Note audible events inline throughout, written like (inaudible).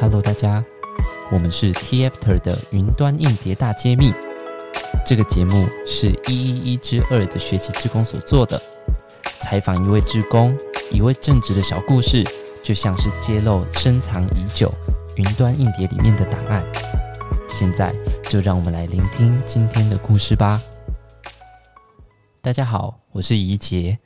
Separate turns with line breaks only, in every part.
Hello，大家，我們是 TFTer 的雲端硬碟大揭密。這個節目是一一一之二的學習志工所做的採訪，一位志工，一位正直的小故事，就像是揭露深藏已久雲端硬碟裡面的檔案。現在就讓我們來聆聽今天的故事吧。大家好，我是怡杰。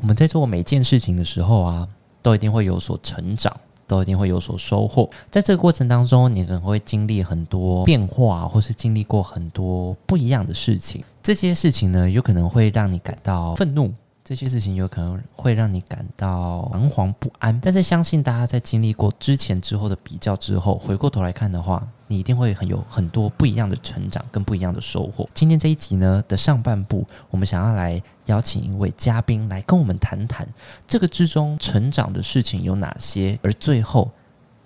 我們在做每件事情的時候啊，都一定會有所成長。都一定會有所收穫，在這個過程當中，你可能會經歷很多變化，或是經歷過很多不一樣的事情。這些事情呢，有可能會讓你感到憤怒，這些事情有可能會讓你感到惶惶不安。但是相信大家在經歷過之前之後的比較之後，回過頭來看的話，你一定會很有很多不一樣的成長跟不一樣的收穫。今天這一集呢的上半部，我們想要來邀請一位嘉賓來跟我們談談這個之中成長的事情有哪些，而最後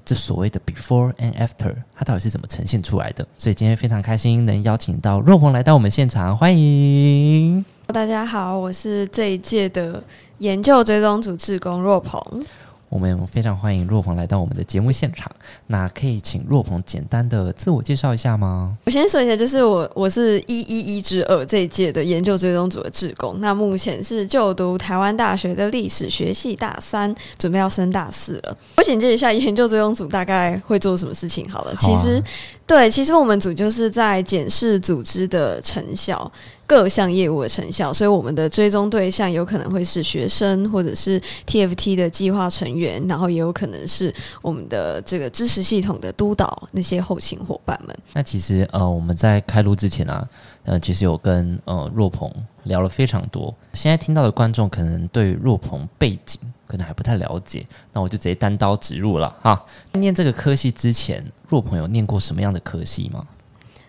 這所謂的 before and after，它到底是怎麼呈現出來的？所以今天非常開心能邀請到鄀芃來到我們現場，歡迎！
大家好，我是這一屆的研究追蹤組志工鄀芃。
我們非常歡迎鄀芃來到我們的節目現場。那可以請鄀芃簡單的自我介紹一下嗎？
我先說一下，就是我我是一一一之二這一屆的研究追蹤組的志工，那目前是就讀台灣大學的歷史學系大三，準備要升大四了。我簡介一下研究追蹤組大概會做什麼事情好了。好啊、其實。對，其實我們組就是在檢視組織的成效、各項業務的成效，所以我們的追蹤對象有可能會是學生，或者是 TFT 的計劃成員，然後也有可能是我們的這個知識系統的督導那些後勤夥伴們。
那其實呃，我們在開錄之前啊，呃，其實有跟呃鄀芃，聊了非常多，現在聽到的觀眾可能對鄀芃背景可能還不太了解，那我就直接單刀直入了哈。念這個科系之前，鄀芃有念過什麼樣的科系嗎？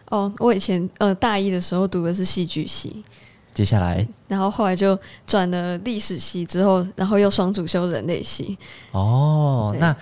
哦，我以前呃大一的時候讀的是戲劇系，
接下來，
然後後來就轉了歷史系，之後，然後又雙主修人類系。
哦，那。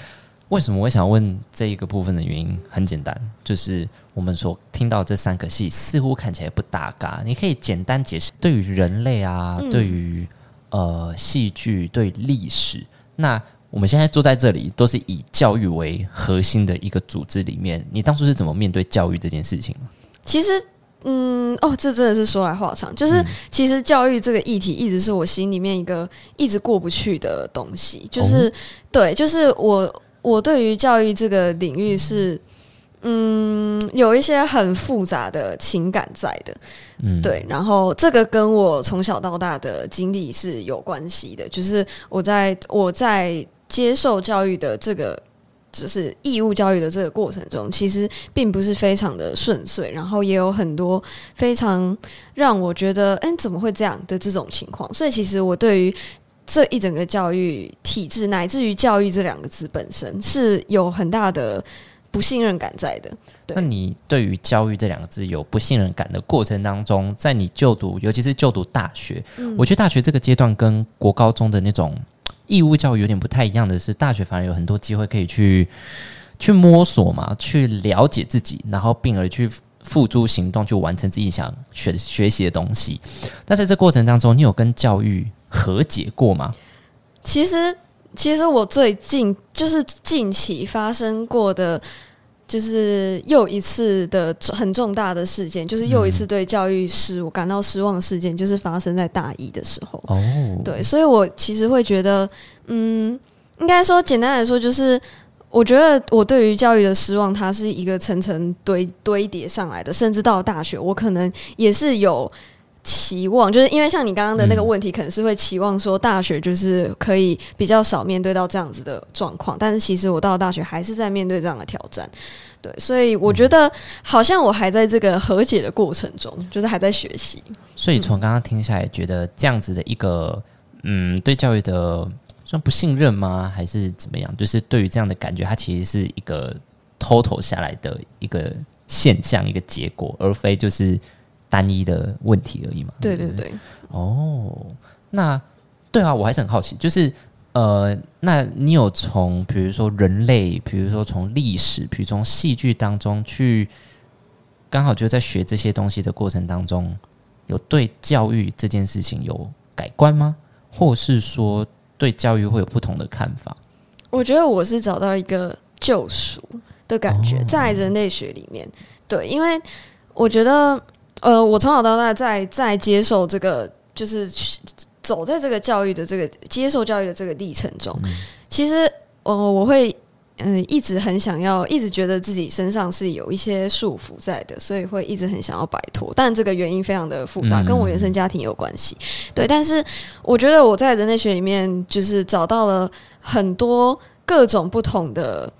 為什麼我想問這一個部分的原因？很簡單，就是我們所聽到這三個系似乎看起來不搭嘎。你可以簡單解釋，對於人類啊，對於呃戲劇，對歷、呃、史，那我們現在坐在這裡，都是以教育為核心的一個組織裡面，你當初是怎麼面對教育這件事情？其
實，嗯，哦，這真的是說來話好長。就是、嗯、其實教育這個議題，一直是我心裡面一個一直過不去的東西。就是、哦、對，就是我。我對於教育這個領域是，嗯，有一些很複雜的情感在的，嗯，對。然後這個跟我從小到大的經歷是有關係的，就是我在我在接受教育的這個，就是義務教育的這個過程中，其實並不是非常的順遂，然後也有很多非常讓我覺得，哎，欸，怎麼會這樣的這種情況，所以其實我對於這一整個教育體制，乃至於教育這兩個字本身，是有很大的不信任感在的。那
你對於教育這兩個字有不信任感的過程當中，在你就讀，尤其是就讀大學，嗯、我覺得大學這個階段跟國高中的那種義務教育有點不太一樣的是，大學反而有很多機會可以去去摸索嘛，去了解自己，然後並而去付諸行動，去完成自己想學學習的東西。那在這過程當中，你有跟教育和解過嗎？
其實，其實我最近就是近期發生過的，就是又一次的很重大的事件，嗯、就是又一次對教育失我感到失望的事件，就是發生在大一的時候、哦。對，所以我其實會覺得，嗯，應該說簡單來說，就是我覺得我對於教育的失望，它是一個層層堆堆疊上來的，甚至到大學，我可能也是有。期望，就是因為像你剛剛的那個問題、嗯，可能是會期望說大學就是可以比較少面對到這樣子的狀況，但是其實我到了大學還是在面對這樣的挑戰。對，所以我覺得好像我還在這個和解的過程中，嗯、就是還在學習。
所以從剛剛聽下來，覺得這樣子的一個嗯、嗯，對教育的算不信任嗎？還是怎麼樣？就是對於這樣的感覺，它其實是一個 total 下來的一個現象，一個結果，而非就是。單一的問題而已嘛。對對對。哦，那對啊，我還是很好奇，就是呃，那你有從比如說人類，比如說從歷史，比如從戲劇當中去，剛好就在學這些東西的過程當中，有對教育這件事情有改觀嗎？或是說對教育會有不同的看法？
我覺得我是找到一個救贖的感覺，哦，在人類學裡面，對，因為我覺得。呃，我從小到大在在接受這個，就是走在這個教育的這個接受教育的這個歷程中、嗯，其實，我、呃、我會，嗯、呃，一直很想要，一直覺得自己身上是有一些束縛在的，所以會一直很想要擺脫，但這個原因非常的複雜，嗯、跟我原生家庭有關係，對，但是我覺得我在人類學裡面就是找到了很多各種不同的，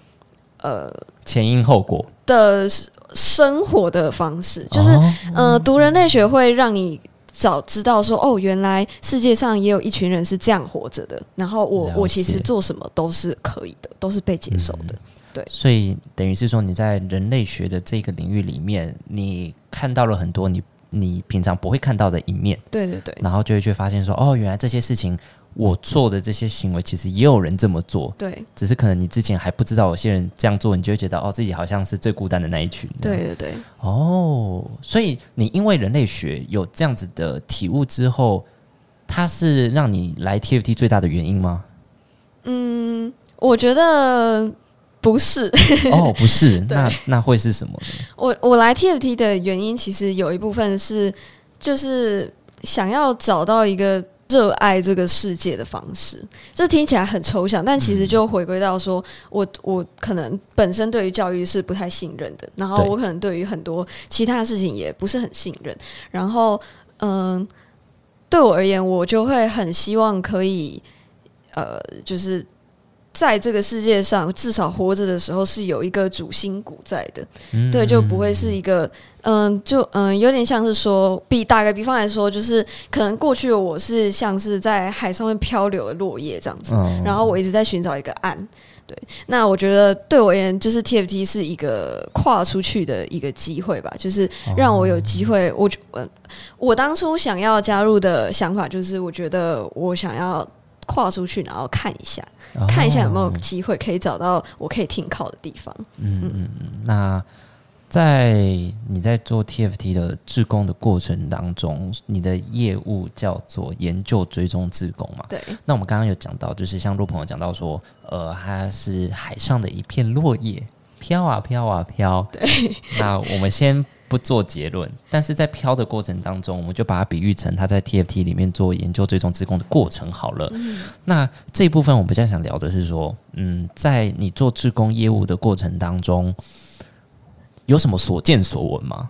呃，
前因後果
的。生活的方式就是，嗯，哦，呃，讀人類學會讓你早知道說，哦，原來世界上也有一群人是這樣活着的。然後我我其實做什麼都是可以的，都是被接受的，嗯。對，
所以等於是說你在人類學的這個領域裡面，你看到了很多你你平常不會看到的一面。
對對對，
然後就會去發現說，哦，原來這些事情。我做的這些行為，其實也有人這麼做。對，只是可能你之前還不知道有些人這樣做，你就會覺得哦，自己好像是最孤單的那一群。對對對。哦，所以你因為人類學有這樣子的體悟之後，它是讓你來 TFT 最大的原因嗎？嗯，
我覺得不是。 (laughs) 哦，不是？那
那會是什麼呢？
我我來 TFT 的原因，其實有一部分是，就是想要找到一個。熱愛這個世界的方式，這聽起來很抽象，但其實就回歸到說，我我可能本身對於教育是不太信任的，然後我可能對於很多其他事情也不是很信任，然後嗯，對我而言，我就會很希望可以，呃，就是。在這個世界上，至少活着的時候是有一個主心骨在的。嗯，對，就不會是一個，嗯，就嗯，有點像是說，比大概比方來說，就是可能過去的我是像是在海上面漂流的落葉這樣子。哦，然後我一直在尋找一個岸，對。那我覺得對我而言，就是 TFT 是一個跨出去的一個機會吧，就是讓我有機會，我我、嗯、我當初想要加入的想法，就是我覺得我想要。跨出去，然後看一下、哦，看一下有沒有機會可以找到我可以停靠的地方。嗯
嗯，那在你在做 TFT 的志工的過程當中，你的業務叫做研究追蹤志工嘛？對。那我們剛剛有講到，就是像鄀芃有講到說，呃，它是海上的一片落葉，飄啊飄啊飄。對。那我們先。不做結論，但是在飄的過程當中，我們就把它比喻成他在 TFT 裡面做研究追蹤志工的過程好了。嗯、那這一部分我們比較想聊的是說，嗯，在你做志工業務的過程當中，有什麼所見所聞嗎？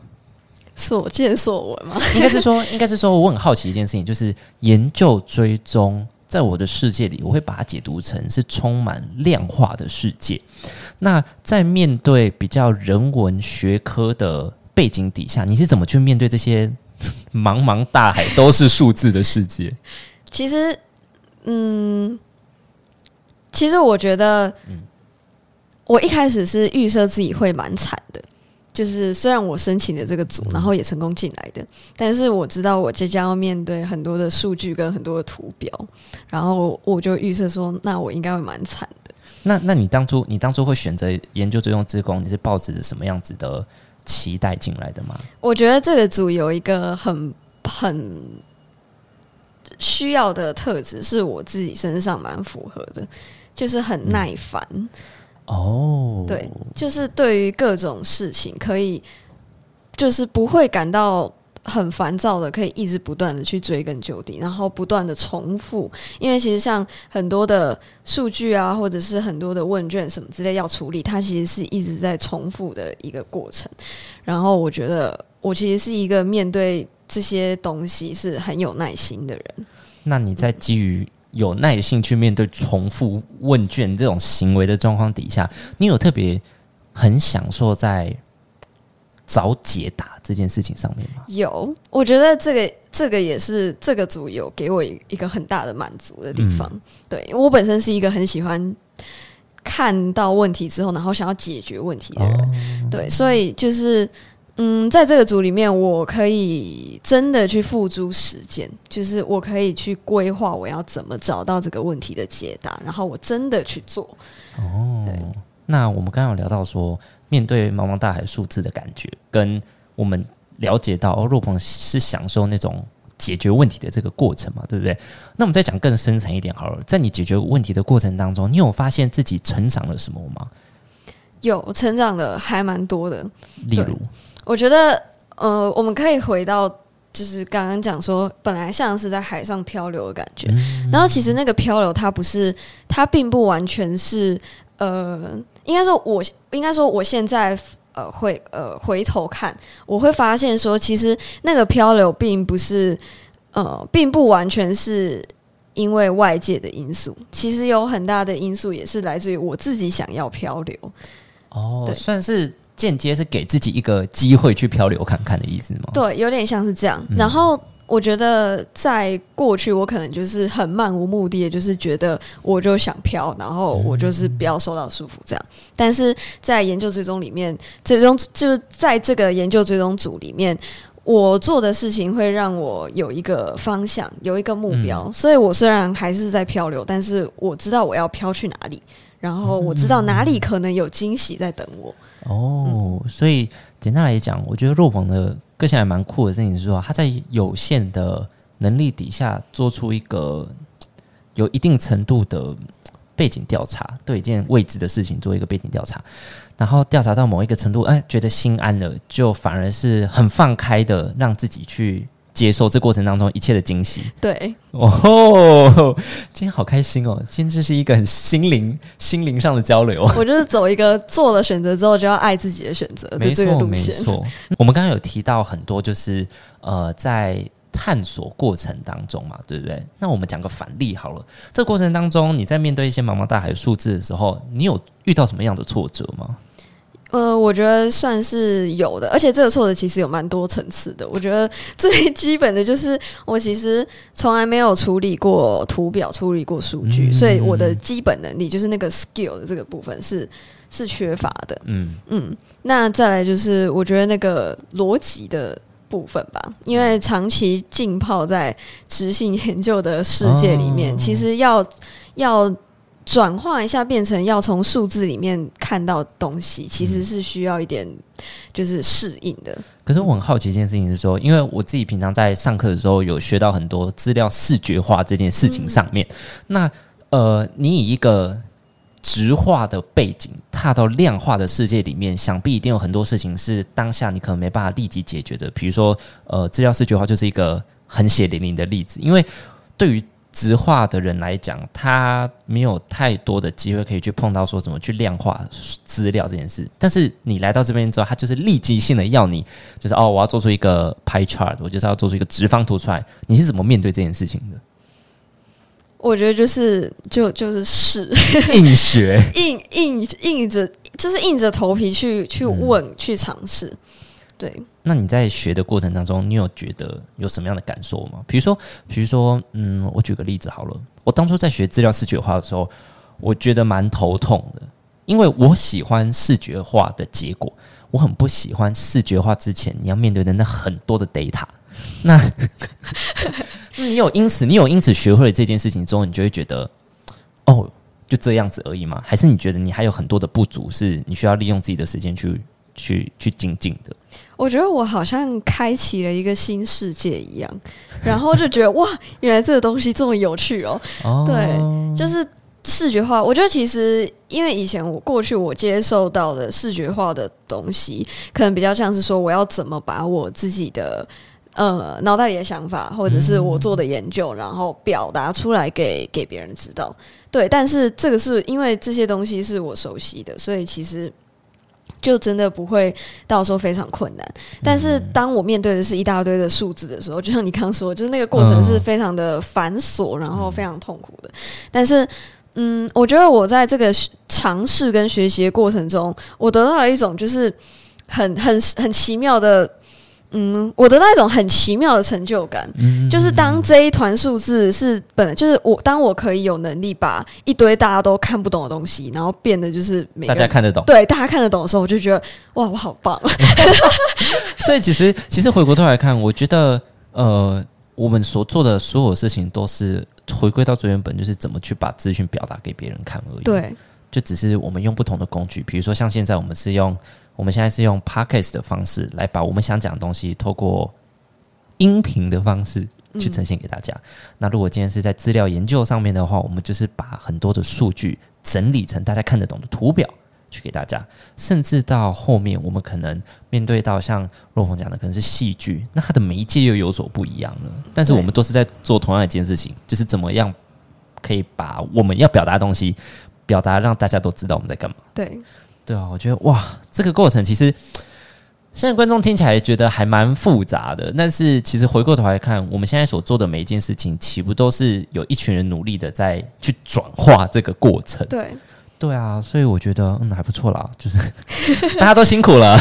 所見所聞嗎？ (laughs) 應該是說，應
該是說我很好奇一件事情，就是研究追蹤，在我的世界裡，我會把它解讀成是充滿量化的世界。那在面對比較人文學科的背景底下，你是怎麼去面對這些茫茫大海都是數字的世界？
(laughs) 其實，嗯，其實我覺得，嗯、我一開始是預設自己會蠻慘的。就是雖然我申請的這個組、嗯，然後也成功進來的，但是我知道我即將要面對很多的數據跟很多的圖表，然後我就預設說，那我應該會蠻慘的。
那，那你當初，你當初會選擇研究追蹤志工？你是報紙是什麼樣子的？期待進來的嗎？
我覺得這個組有一個很很需要的特質，是我自己身上蠻符合的，就是很耐煩。
哦、嗯，oh.
對，就是對於各種事情，可以就是不會感到。很煩躁的，可以一直不斷的去追根究底，然後不斷的重複。因為其實像很多的數據啊，或者是很多的問卷什麼之類要處理，它其實是一直在重複的一個過程。然後我覺得，我其實是一個面對這些東西是很有耐心的人。
那你在基於有耐性去面對重複問卷這種行為的狀況底下，你有特別很享受在找解答這件事情上面嗎？
有，我覺得這個這個也是這個組有給我一個很大的滿足的地方。嗯、對，因為我本身是一個很喜歡看到問題之後，然後想要解決問題的人。哦、對，所以就是，嗯，在這個組裡面，我可以真的去付諸實踐，就是我可以去規劃我要怎麼找到這個問題的解答，然後我真的去做。哦，對，
那我們剛剛有聊到說，面對茫茫大海，數字的感覺，跟我們了解到，哦，鄀芃是享受那種解決問題的這個過程嘛，對不對？那我們再講更深層一點好了，在你解決問題的過程當中，你有發現自己成長了什麼嗎？
有成長的還蠻多的，例如，我覺得，呃，我們可以回到，就是剛剛講說，本來像是在海上漂流的感覺，嗯、然後其實那個漂流，它不是，它並不完全是。呃，應該說我，我應該說，我現在呃，回呃，回頭看，我會發現說，其實那個漂流並不是呃，並不完全是因為外界的因素，其實有很大的因素也是來自於我自己想要漂流。
哦，算是間接是給自己一個機會去漂流看看的意思嗎？
對，有點像是這樣。然後。嗯我覺得在過去，我可能就是很漫無目的，就是覺得我就想飄，然後我就是不要受到束縛這樣、嗯。但是在研究追蹤裡面，最終就是、在這個研究追蹤組裡面，我做的事情會讓我有一個方向，有一個目標。嗯、所以，我雖然還是在漂流，但是我知道我要漂去哪裡，然後我知道哪裡可能有驚喜在等我。嗯、
哦、嗯，所以簡單來講，我覺得鄀芃的。個性還蠻酷的事情是說，他在有限的能力底下做出一個有一定程度的背景調查，對一件未知的事情做一個背景調查，然後調查到某一個程度，哎、欸，覺得心安了，就反而是很放開的讓自己去。接受這過程當中一切的驚喜。對，哦吼，今天好開心哦！今天這是一個很心靈、心靈上的交流。我就
是走一個做了選擇之後就要愛自己的選擇，沒錯，沒錯。
那我們剛剛有提到很多，就是呃，在探索過程當中嘛，對不對？那我們講個反例好了。這過程當中，你在面對一些茫茫大海數字的時候，你有遇到什麼樣的挫折嗎？
呃，我覺得算是有的，而且這個挫折其實有蠻多層次的。我覺得最基本的就是我其實從來沒有處理過圖表，處理過數據、嗯，所以我的基本能力就是那個 skill 的這個部分是是缺乏的。嗯嗯，那再來就是我覺得那個邏輯的部分吧，因為長期浸泡在質性研究的世界裡面，哦、其實要要。轉化一下，變成要從數字裡面看到東西，其實是需要一點就是適應的，
嗯。可是我很好奇一件事情是說，因為我自己平常在上課的時候有學到很多資料視覺化這件事情上面。嗯、那呃，你以一個質化的背景踏到量化的世界裡面，想必一定有很多事情是當下你可能沒辦法立即解決的。比如說，呃，資料視覺化就是一個很血淋淋的例子，因為對於直話的人來講，他沒有太多的機會可以去碰到說怎麼去量化資料這件事。但是你來到這邊之後，他就是立即性的要你，就是哦，我要做出一個 pie chart，我就是要做出一個直方圖出來。你是怎麼面對這件事情的？
我覺得就是就就是試， (laughs) 硬學，硬硬硬着就是硬着頭皮去去問、嗯、去嘗試。對，
那你在學的過程當中，你有覺得有什麼樣的感受嗎？比如說，比如說，嗯，我舉個例子好了，我當初在學資料視覺化的時候，我覺得蠻頭痛的，因為我喜歡視覺化的結果，我很不喜歡視覺化之前你要面對的那很多的 data。那，那 (laughs) (laughs) 你有因此，你有因此學會了這件事情之後，你就會覺得，哦，就這樣子而已嗎？還是你覺得你還有很多的不足，是你需要利用自己的時間去去去精進的？
我覺得我好像開啟了一個新世界一樣，然後就覺得 (laughs) 哇，原來這個東西這麼有趣哦。喔 oh！對，就是視覺化。我覺得其實，因為以前我過去我接受到的視覺化的東西，可能比較像是說，我要怎麼把我自己的呃腦袋裡的想法，或者是我做的研究，mm -hmm. 然後表達出來給給別人知道。對，但是這個是因為這些東西是我熟悉的，所以其實。就真的不會到時候非常困難，但是當我面對的是一大堆的數字的時候，就像你剛剛說的，就是那個過程是非常的繁瑣，然後非常痛苦的。但是，嗯，我覺得我在這個嘗試跟學習的過程中，我得到了一種就是很很很奇妙的。嗯，我得到一種很奇妙的成就感，嗯、就是當這一團數字是本來，嗯、就是我，當我可以有能力把一堆大家都看不懂的東西，然後變得就是大家看得懂，對，大家看得懂的時候，我就覺得哇，我好棒！嗯、
(laughs) 所以其實其實回過頭來看，我覺得呃，我們所做的所有事情都是回歸到最原本，就是怎麼去把資訊表達給別人看而已。對，就只是我們用不同的工具，比如說像現在我們是用。我們現在是用 podcast 的方式來把我們想講的東西，透過音頻的方式去呈現給大家。嗯。那如果今天是在資料研究上面的話，我們就是把很多的數據整理成大家看得懂的圖表去給大家。甚至到後面，我們可能面對到像鄀芃講的，可能是戲劇，那它的媒介又有所不一樣了。但是我們都是在做同樣一件事情，就是怎麼樣可以把我們要表達的東西表達，讓大家都知道我們在幹嘛。對。對啊，我覺得哇，這個過程其實現在觀眾聽起來覺得還蠻複雜的，但是其實回過頭來看，我們現在所做的每一件事情，豈不都是有一群人努力的在去轉化這個過程？對，對啊，所以我覺得嗯還不錯啦，就是大家都辛苦了。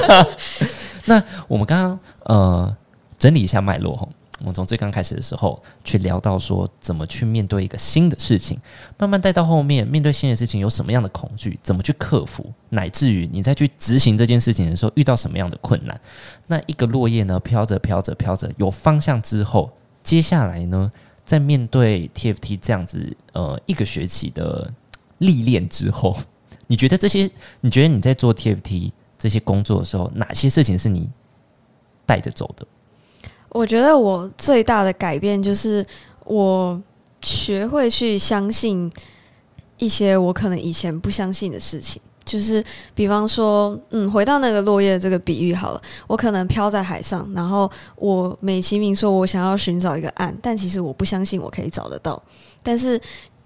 (laughs) (laughs) 那我們剛剛呃整理一下脈絡吼。我們從最剛開始的時候去聊到說，怎麼去面對一個新的事情，慢慢帶到後面面對新的事情有什麼樣的恐懼，怎麼去克服，乃至於你再去執行這件事情的時候遇到什麼樣的困難。那一個落葉呢，飄着飄着飄着，有方向之後，接下來呢，在面對 TFT 這樣子呃一個學期的歷練之後，你覺得這些，你覺得你在做 TFT 這些工作的時候，哪些事情是你帶着走的？
我覺得我最大的改變就是，我學會去相信一些我可能以前不相信的事情。就是比方說，嗯，回到那個落葉這個比喻好了，我可能飄在海上，然後我美其名說我想要尋找一個岸，但其實我不相信我可以找得到，但是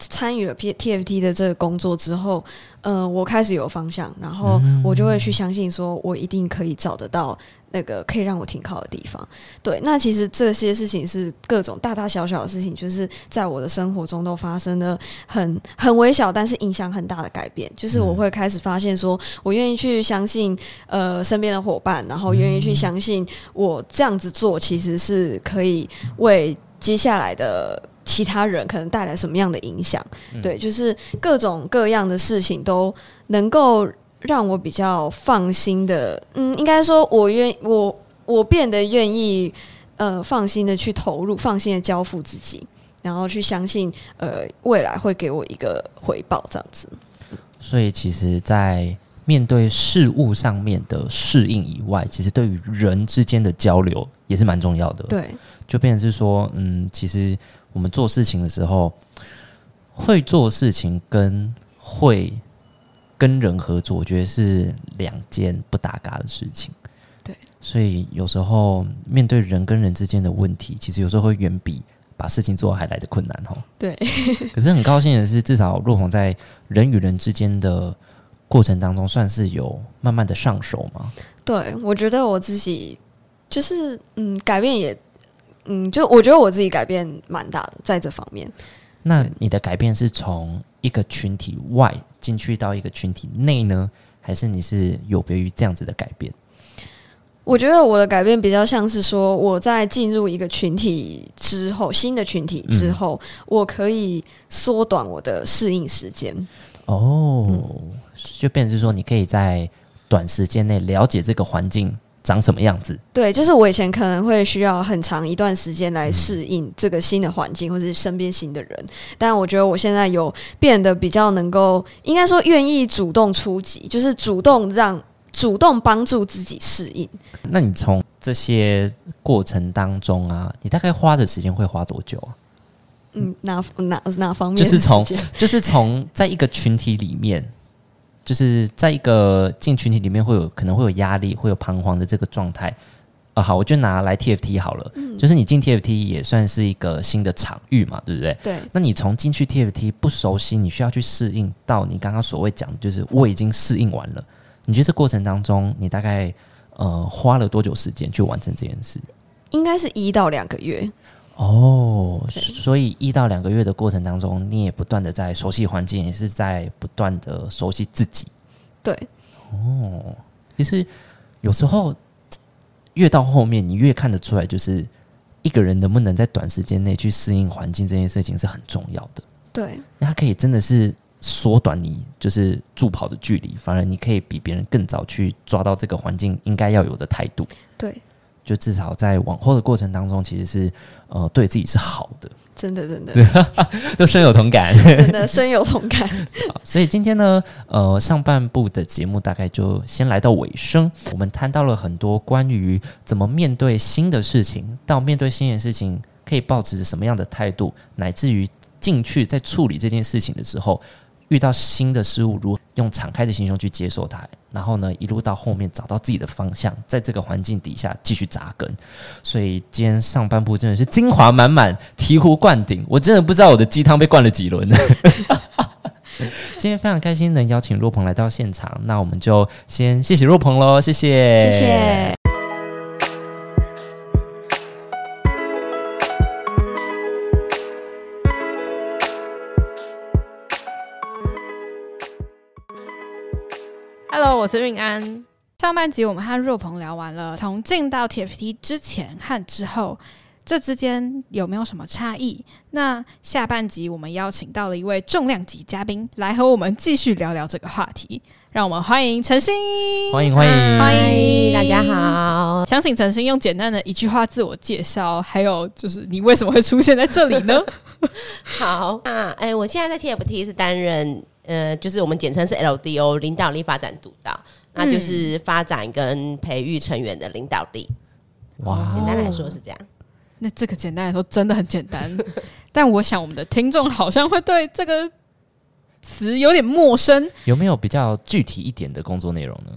參與了 TFT 的這個工作之後，嗯、呃，我開始有方向，然後我就會去相信，說我一定可以找得到那個可以讓我停靠的地方。對，那其實這些事情是各種大大小小的事情，就是在我的生活中都發生了很很微小，但是影響很大的改變。就是我會開始發現，說我願意去相信，呃，身邊的伙伴，然後願意去相信，我這樣子做其實是可以為接下來的。其他人可能帶來什麼樣的影響？對，就是各種各樣的事情都能夠讓我比較放心的，嗯，應該說我願我我變得願意呃放心的去投入，放心的交付自己，然後去相信呃未來會給我一個回報，這樣子。
所以，其實，在面對事物上面的適應以外，其實對於人之間的交流也是蠻重要的。對，就變成是說，嗯，其實。我們做事情的時候，會做事情跟會跟人合作，我覺得是兩件不搭嘎的事情。對，所以有時候面對人跟人之間的問題，其實有時候會遠比把事情做還來的困難哦。
對， (laughs)
可是很高興的是，至少鄀芃在人與人之間的過程當中，算是有慢慢的上手嘛。
對我覺得我自己就是嗯，改變也。嗯，就我覺得我自己改變蠻大的，在這方面。
那你的改變是從一個群體外進去到一個群體內呢，還是你是有別於這樣子的改變？
我覺得我的改變比較像是說，我在進入一個群體之後，新的群體之後，嗯、我可以縮短我的適應時間。
哦、嗯，就變成是說，你可以在短時間內了解這個環境長什麼樣子？
對，就是我以前可能會需要很長一段時間來適應這個新的環境，嗯、或者身邊新的人。但我覺得我現在有變得比較能夠，應該說願意主動出擊，就是主動讓、主動幫助自己適應。
那你從這些過程當中啊，你大概花的時間會花多久啊？嗯，
哪哪哪方面？就是從，
就是從在一個群體裡面。 (laughs) 就是在一個進群體裡面會有可能會有壓力，會有彷徨的這個狀態。呃，好，我就拿來 TFT 好了。嗯。就是你進 TFT 也算是一個新的場域嘛，對不對？對。那你從進去 TFT 不熟悉，你需要去適應，到你剛剛所謂講，就是我已經適應完了。你覺得這過程當中，你大概呃花了多久時間去完成這件事？
應該是一到兩個月。
哦，所以一到兩個月的過程當中，你也不斷的在熟悉環境，也是在不斷的熟悉自己。對，哦，其實有時候越到後面，你越看得出來，就是一個人能不能在短時間內去適應環境這件事情是很重要的。
對，
那他可以真的是縮短你就是助跑的距離，反而你可以比別人更早去抓到這個環境應該要有的態度。對。就至少在往後的過程當中，其實是呃，對自己是好的。
真的，真的， (laughs) 啊、
都深有同感， (laughs) 真的深
有同感。
好，所以今天呢，呃，上半部的節目大概就先來到尾聲。 (laughs) 我們談到了很多關於怎麼面對新的事情，到面對新的事情可以抱持什麼樣的態度，乃至於進去在處理這件事情的時候，遇到新的事物如何，用敞開的心胸去接受它，然後呢，一路到後面找到自己的方向，在這個環境底下繼續扎根。所以今天上半部真的是精華滿滿，醍醐灌頂。我真的不知道我的雞湯被灌了幾輪呢、 (laughs) (laughs) 嗯。今天非常開心能邀請鄀芃來到現場，那我們就先謝謝鄀芃嘍，謝謝，謝謝。
我是運安。上半集我們和鄀芃聊完了，從進到 TFT 之前和之後，這之間有沒有什麼差異？那下半集我們邀請到了一位重量級嘉賓，來和我們繼續聊聊這個話題。讓我們歡迎宸妡，
歡迎歡迎，Hi,
Hi, 大家好。想請宸妡用簡單的一句話自我介紹，還有就是你為什麼會出現在這裡呢？
(laughs) 好，啊，哎、欸，我現在在 TFT 是擔任。呃，就是我們簡稱是 LDO，領導力發展督導，那就是發展跟培育成員的領導力。
哇、嗯，
簡單來說
是這樣。那這個簡單來說真的很簡單， (laughs) 但我想我們的聽眾好像會對這個詞有點陌生。
有沒有比較具體一點的工作內容呢？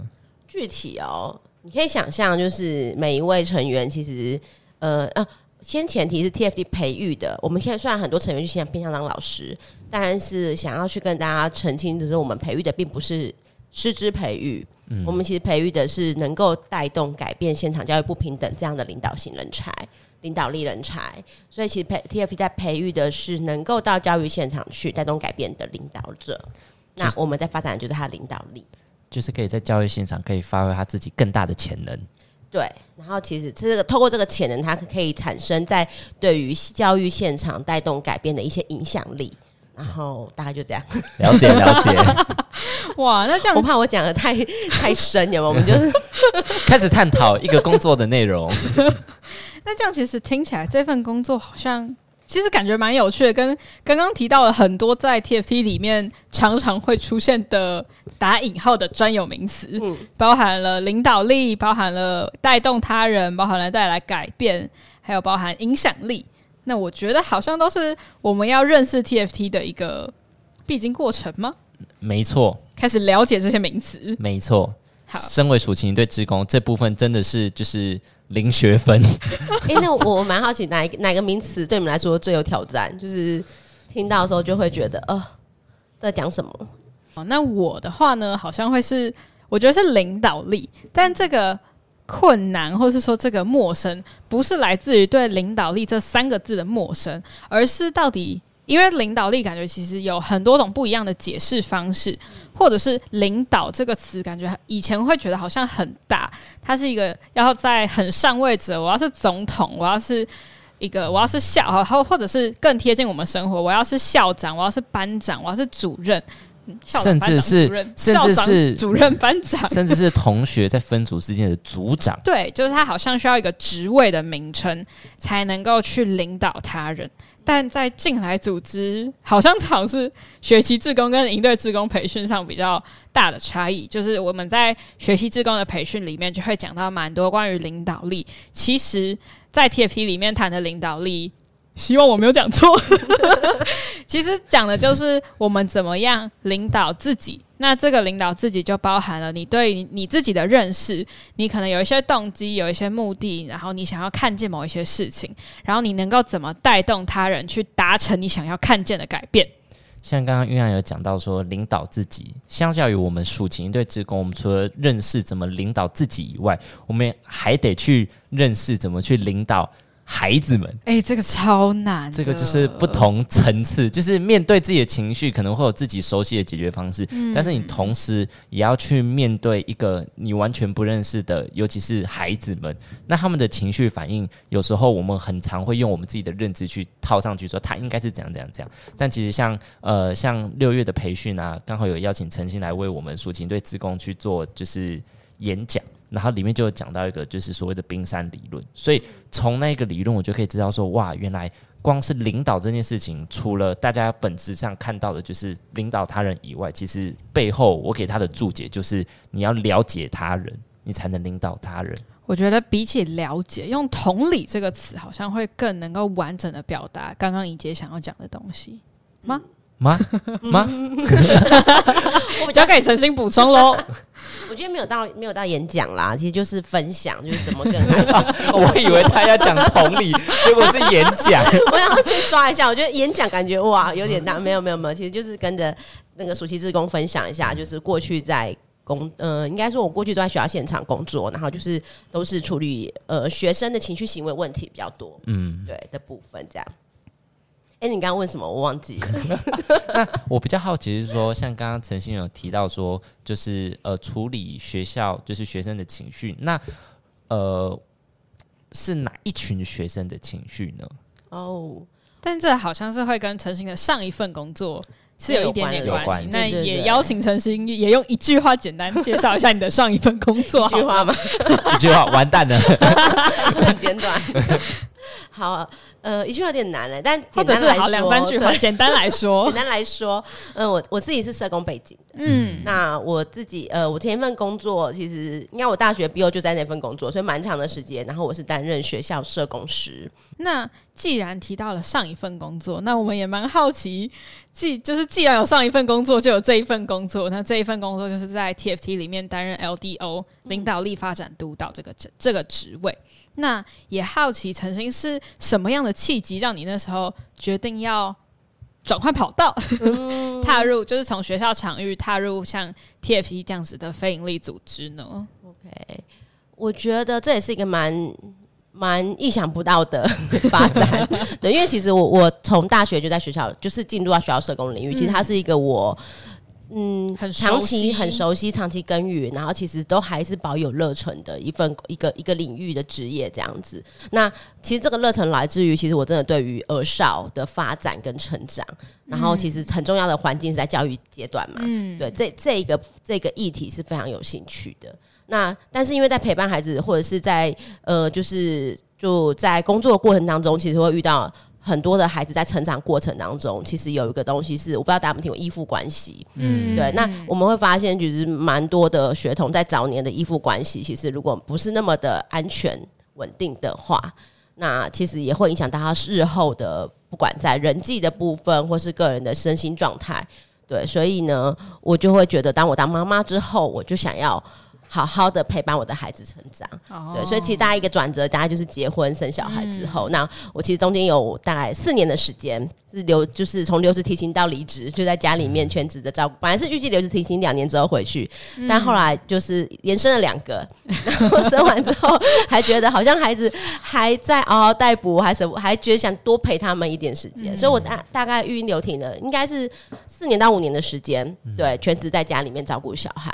具體哦，你可以想象，就是每一位成員其實，呃，啊。先前提是 TFT 培育的，我們現在雖然很多成員去現在偏向當老師，但是想要去跟大家澄清的是，我們培育的並不是師資培育，嗯，我們其實培育的是能夠帶動改變現場教育不平等這樣的領導型人才，領導力人才。所以其實培 TFT 在培育的是能夠到教育現場去帶動改變的領導者。就是，那我們在發展的就是他的領導力，
就是可以在教育現場可以發揮他自己更大的潛能。
對，然後其實這個透過這個潛能，它可以產生在對於教育現場帶動改變的一些影響力。然後大概就這樣。了解了解。了解 (laughs) 哇，那這樣我怕我講得太
太深，有沒
有？我們就是
(laughs) 開始探討一個工作的內容。
(laughs) 那這樣其實聽起來這份工作好像。其實感覺蠻有趣的，跟剛剛提到了很多在 TFT 裡面常常會出現的打引號的專有名詞、嗯，包含了領導力，包含了帶動他人，包含了帶來改變，還有包含影響力。那我覺得好像都是我們要認識 TFT 的一個必經過程嗎？
沒錯，
開始了解這些名詞。
沒錯，好，身為宸妡，對志工這部分真的是就是。零學分。 (laughs) 哎、
欸，那我蠻好奇哪，哪哪個名詞對你們來說最有挑戰？就是聽到的時候就會覺得，哦、呃，
在講什麼？哦，那我的話呢，好像會是，我覺得是領導力。但這個困難，或是說這個陌生，不是來自於對領導力這三個字的陌生，而是到底。因為領導力感覺其實有很多種不一樣的解釋方式，或者是“領導”這個詞感覺以前會覺得好像很大，它是一個要在很上位者，我要是總統，我要是一個，我要是校，或或者是更貼近我們生活，我要是校長，我要是班長，我要是主任。校長長，甚至是，甚至是校長、主任、班長、甚，
甚至是同學在分組之間的組長。 (laughs)
對，就是他好像需要一個職位的名稱才能夠去領導他人。但在進來組織，好像嘗試學習志工跟營隊志工培訓上比較大的差異，就是我們在學習志工的培訓裡面就會講到蠻多關於領導力。其實，在 TFT 裡面談的領導力。希望我沒有講錯。其實講的就是我們怎麼樣領導自己，嗯。那這個領導自己就包含了你對你自己的認識，你可能有一些動機，有一些目的，然後你想要看見某一些事情，然後你能夠怎麼帶動他人去達成你想要看見的改變。
像剛剛玉陽有講到說，領導自己，相較於我們屬情對志工，我們除了認識怎麼領導自己以外，我們還得去認識怎麼去領導。孩子們，
誒、欸，這個超難。這個就是不同
層次，就是面對自己的情緒，可能會有自己熟悉的解決方式、嗯。但是你同時也要去面對一個你完全不認識的，尤其是孩子們。那他們的情緒反應，有時候我們很常會用我們自己的認知去套上去，說他應該是怎樣怎樣怎樣。但其實像呃，像六月的培訓啊，剛好有邀請宸妡來為我們抒情隊志工去做就是演講。然後裡面就有講到一個就是所謂的冰山理論，所以從那個理論我就可以知道說，哇，原來光是領導這件事情，除了大家本質上看到的就是領導他人以外，其實背後我給他的注解就是你要了解他人，你才能領導他人。
我覺得比起了解，用同理這個詞好像會更能夠完整的表達剛剛怡姐想要講的東西嗎？
嗎媽，嗎嗯、
(laughs) 我就要可以重新補充嘍。 (laughs) 我覺得沒有到沒有到演講啦，其實就是分享，就是怎麼
跟。 (laughs) 我以為他要講同理，結 (laughs) 果是，是演講。
(laughs) 我想要去抓一下，我覺得演講感覺哇有點大，沒有沒有沒有，其實就是跟着那個暑期志工分享一下，就是過去在工，呃，應該說我過去都在學校現場工作，然後就是都是處理呃學生的情緒行為問題比較多，嗯，對的部分這樣。哎、欸，你剛剛問什麼？我忘記了 (laughs) 。
我比較好奇是說，像剛剛宸妡有提到說，就是呃，處理學校就是學生的情緒，那呃是哪一群學生的情緒呢？哦、
oh.，但這好像是會跟宸妡的上一份工作是有一點點關係。那也邀請宸妡也用一句話簡單介紹一下你的上一份工作好不好， (laughs) 一句話嗎？
(laughs) 一句話完蛋了，
(laughs) (laughs) 很簡短。 (laughs)
好、啊，呃，一句話有點難了，但或者是好兩三句話，簡單來說， (laughs) 簡單來說，嗯、呃，我我自己是社工背景的，嗯，那我自己，呃，我前一份工作其實，因為我大學畢業就在那份工作，所以蠻長的時間。然後我是擔任學校社工
師。
那既然提到了上一份工作，那我們也蠻好奇，既就是既然有上一份工作，就有這一份工作，那這一份工作就是在 TFT 裡面擔任 LDO 領導力發展督導這個這、嗯、這個職位。那也好奇，曾經是什麼樣的契機讓你那時候決定要轉換跑道，嗯， (laughs) 踏入就是從學校場域踏入像 TFT 這樣子的非營利組織呢？OK，
我覺得這也是一個蠻蠻意想不到的發展。 (laughs) 對，因為其實我我從大學就在學校，就是進入到學校社工領域，嗯、其實它是一個我。嗯，很熟悉，長期很熟悉，長期耕耘，然後其實都還是保有熱忱的一份一個一個領域的職業這樣子。那其實這個熱忱來自於，其實我真的對於兒少的發展跟成長，嗯、然後其實很重要的環境是在教育階段嘛。嗯，對，這這一個這一個議題是非常有興趣的。那但是因為在陪伴孩子或者是在呃，就是就在工作的過程當中，其實會遇到，很多的孩子在成長過程當中，其實有一個東西是我不知道，大家有沒有聽過依附關係？嗯，對。那我們會發現，就是蠻多的學童在早年的依附關係，其實如果不是那麼的安全穩定的話，那其實也會影響到他日後的，不管在人際的部分，或是個人的身心狀態。對，所以呢，我就會覺得，當我當媽媽之後，我就想要。好好的陪伴我的孩子成長，oh. 對，所以其實大家一個轉折，大家就是結婚生小孩之後，嗯、那我其實中間有大概四年的時間是留，就是從留職停薪到離職，就在家裡面全職的照顧。本來是預計留職停薪兩年之後回去、
嗯，但後來
就是延伸了兩個、嗯，然後生完之後 (laughs) 還覺得好像孩子還在嗷嗷待哺，還什還覺得想多陪他們一點時間、嗯，所以我大大概育嬰留停的應該是四年到五年的時間、嗯，對，全職在家裡面照顧小孩。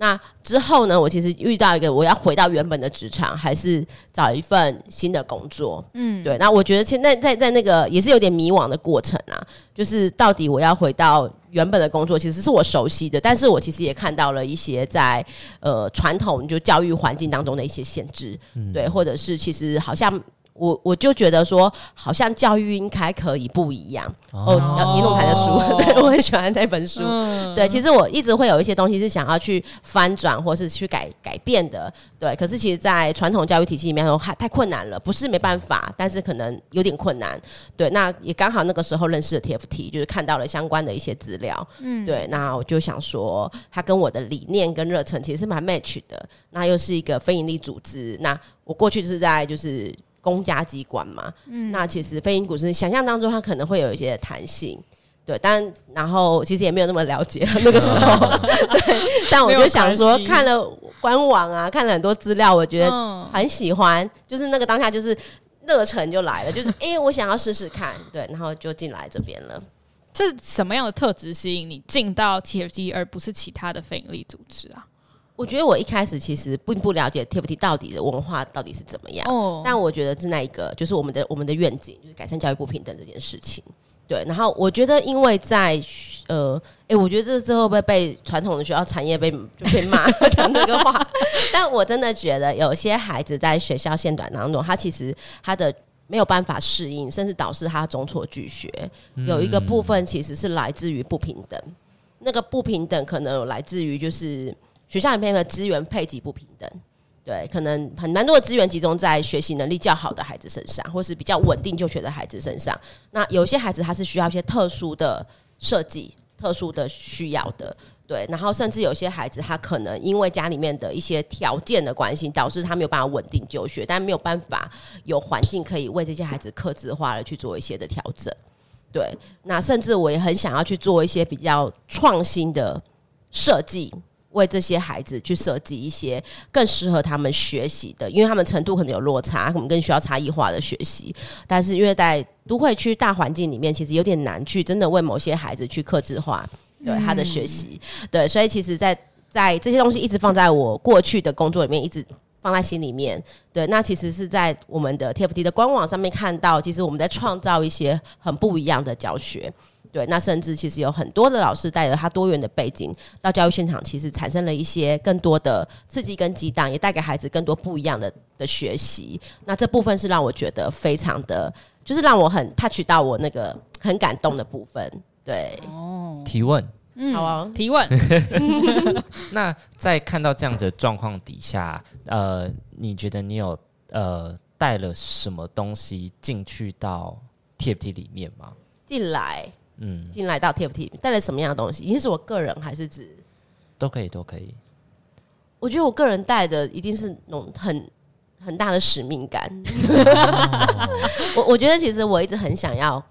那之後呢？我其實遇到一個，我要回到原本的職場，還是找一份新的工作？嗯，對。那我覺得現在在在那個也是有點迷惘的過程啊，就是到底我要回到原本的工作，其實是我熟悉的，但是我其實也看到了一些在呃傳統就教育環境當中的一些限制。嗯，對，或者是其實好像。我我就覺得說，好像教育應該可以不一樣哦。Oh, oh, uh, 移動台的書，oh. (laughs) 對，我很喜歡那本書。Uh. 對，其實我一直會有一些東西是想要去翻轉，或是去改改變的。對，可是其實，在傳統教育體系裡面，還太困難了，不是沒辦法，但是可能有點困難。對，那也剛好那個時候認識了 TFT，就是看到了相關的一些資料。嗯，對，那我就想說，他跟我的理念跟熱忱其實是蠻 match 的。那又是一個非營利組織，那我過去就是在就是。公家機關嘛，嗯、那其實非營利股市想象當中它可能會有一些彈性，對，但然後其實也沒有那麼了解那個時候，嗯、 (laughs) 對，但我就想說看了官網啊，看了很多資料，我覺得很喜歡，嗯、就是那個當下就是熱忱就來了，就是哎、欸，我想要試試看， (laughs) 對，然後就進來這邊了。這是什麼樣的
特質吸引你進到 TFT，而不是其他的非營利組織啊？
我覺得我一開始其實並不了解 TFT 到底的文化到底是怎麼樣，oh. 但我覺得是那一個，就是我們的我們的願景，就是改善教育不平等這件事情。對，然後我覺得，因為在呃，哎、欸，我覺得這之後會被傳統的學校產業被就被罵講 (laughs) 這個話， (laughs) 但我真的覺得有些孩子在學校現場當中，他其實他的沒有辦法適應，甚至導致他中輟拒學。有一個部分其實是來自於不平等，那個不平等可能有來自於就是。學校裡面的資源配置不平等，對，可能很多的資源集中在學習能力較好的孩子身上，或是比較穩定就學的孩子身上。那有些孩子他是需要一些特殊的設計、特殊的需要的，對。然後甚至有些孩子他可能因為家裡面的一些條件的關係，導致他沒有辦法穩定就學，但沒有辦法有環境可以為這些孩子客製化的去做一些的調整。對，那甚至我也很想要去做一些比較創新的設計。為這些孩子去設計一些更適合他們學習的，因為他們程度可能有落差，可能更需要差異化的學習。但是，因為在都會區大環境裡面，其實有點難去真的為某些孩子去客製化對他的學習，嗯。對，所以其實在，在在這些東西一直放在我過去的工作裡面，一直放在心裡面。對，那其實是在我們的 TFT 的官網上面看到，其實我們在創造一些很不一樣的教學。對，那甚至其實有很多的老師帶着他多元的背景到教育現場，其實產生了一些更多的刺激跟激盪，也帶給孩子更多不一樣的的學習。那這部分是讓我覺得非常的，就是讓我很 touch 到我那個很感動的部分。對，哦、
提問，嗯，好啊，提問。 (laughs)
(laughs) (laughs) 那在看到這樣子的狀況底下，呃，你覺得你有呃帶了什麼東西進去到 TFT 裡面嗎？
進來。嗯，進來到 TFT 帶了什麼樣的東西？一定是我個人，還是指
都可以，都可以。
我覺得我個人帶的一定是那種很很,很大的使命感。哦、 (laughs) 我我覺得其實我一直很想要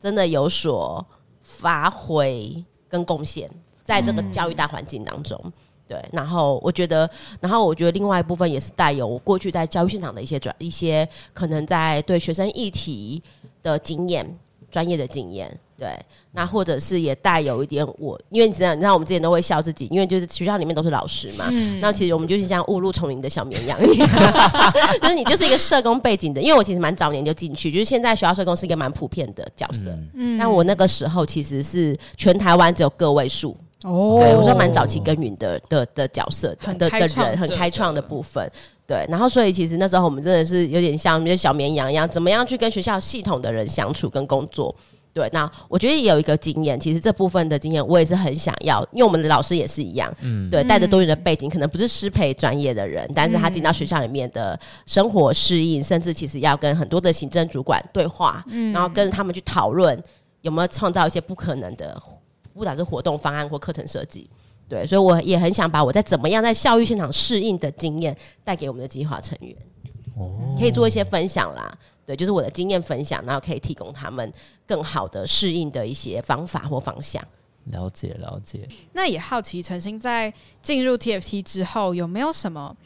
真的有所發揮跟貢獻，在這個教育大環境當中、嗯。對，然後我覺得，然後我覺得另外一部分也是帶有我過去在教育現場的一些轉，一些可能在對學生議題的經驗，專業的經驗。對，那或者是也帶有一點我，因為你知道，你知道我們之前都會笑自己，因為就是學校裡面都是老師嘛。嗯。那其實我們就是像誤入叢林的小綿羊一樣， (laughs) (laughs) 就是你就是一個社工背景的，因為我其實蠻早年就進去，就是現在學校社工是一個蠻普遍的角色。嗯。嗯，但我那個時候其實是全台灣只有個位數哦，對、哎、我說蠻早期耕耘的的的角色的的，的人，很開創的部分。對，然後所以其實那時候我們真的是有點像那些小綿羊一樣，怎麼樣去跟學校系統的人相處跟工作。對，那我覺得也有一個經驗，其實這部分的經驗我也是很想要，因為我們的老師也是一樣，嗯、對，帶着多元的背景、嗯，可能不是師培專業的人，但是他進到學校裡面的生活適應，嗯、甚至其實要跟很多的行政主管對話，嗯、然後跟他們去討論有沒有創造一些不可能的，不管是活動方案或課程設計。對，所以我也很想把我在怎麼樣在教育現場適應的經驗帶給我們的計劃成員。嗯、可以做一些分享啦，哦、對，就是我的經驗分享，然後可以提供他們更好的適應的一些方法或方向。
了解，了解。
那也好奇宸妡在進入 TFT 之後，有沒有什麼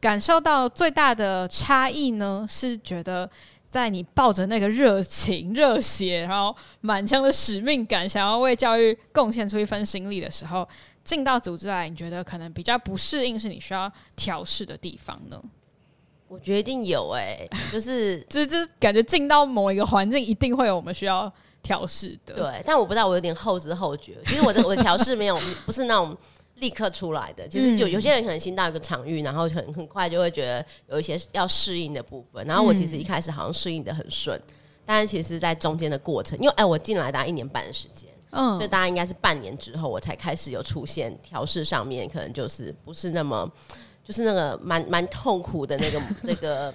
感受到最大的差異呢？是覺得在你抱着那個熱情、熱血，然後滿腔的使命感，想要為教育貢獻出一份心力的時候，進到組織來，你覺得可能比較不適應，是你需要調適的地方呢？我覺得一定有哎、欸，就是，就是感覺進到某一個環境，一定會有我們需要調適的。對，但我不知道，我有點後知後覺。其實我的我的調適
沒有，不是那種立刻出來的。其實就有些人可能新到一個場域，然後很很快就會覺得有一些要適應的部分。然後我其實一開始好像適應得很順，但是其實在中間的過程，因為哎，我進來大概一年半的時間，嗯，所以大家應該是半年之後，我才開始有出現調適上面可能就是不是那麼。就是那個蠻蠻痛苦的那個那個